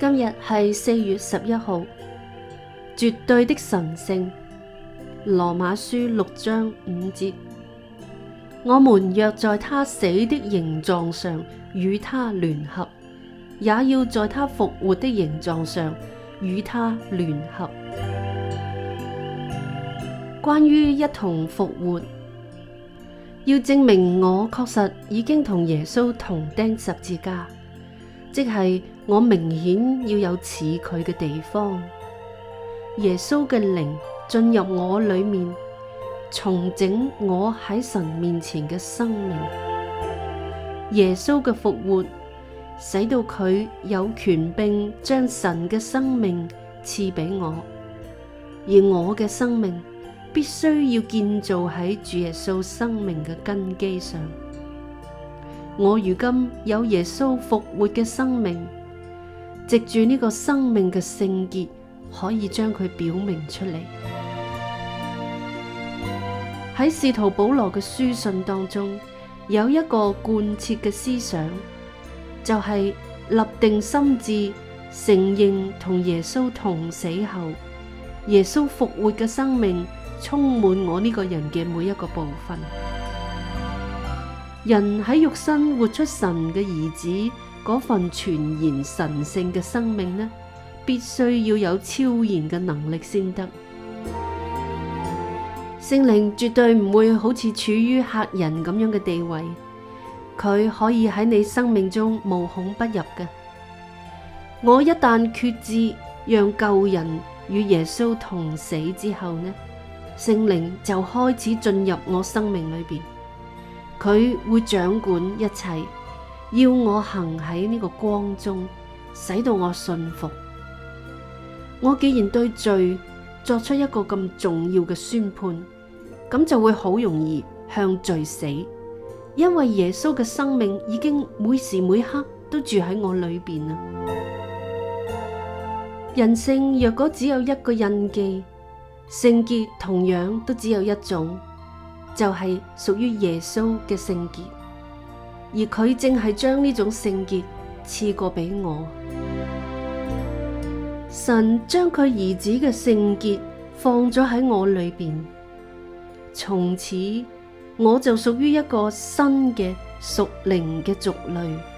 今日係四月十一號，絕對的神聖。羅馬書六章五節：我們若在他死的形狀上與他聯合，也要在他復活的形狀上與他聯合。關於一同復活，要證明我確實已經同耶穌同釘十字架，即係。我明顯要有似佢嘅地方，耶穌嘅靈進入我裏面，重整我喺神面前嘅生命。耶穌嘅復活使到佢有權柄將神嘅生命賜俾我，而我嘅生命必須要建造喺主耶穌生命嘅根基上。我如今有耶穌復活嘅生命。藉住呢個生命嘅聖潔，可以將佢表明出嚟。喺使徒保羅嘅書信當中，有一個貫徹嘅思想，就係、是、立定心志，承認同耶穌同死後，耶穌復活嘅生命充滿我呢個人嘅每一個部分。人喺肉身活出神嘅兒子。嗰份全然神聖嘅生命呢，必須要有超然嘅能力先得。聖靈絕對唔會好似處於客人咁樣嘅地位，佢可以喺你生命中無孔不入嘅。我一旦決志讓舊人與耶穌同死之後呢，聖靈就開始進入我生命裏邊，佢會掌管一切。要我行喺呢個光中，使到我信服。我既然對罪作出一個咁重要嘅宣判，咁就會好容易向罪死，因為耶穌嘅生命已經每時每刻都住喺我裏邊啦。人性若果只有一個印記，聖潔同樣都只有一種，就係屬於耶穌嘅聖潔。而佢正係將呢種聖潔賜過俾我，神將佢兒子嘅聖潔放咗喺我裏邊，從此我就屬於一個新嘅屬靈嘅族類。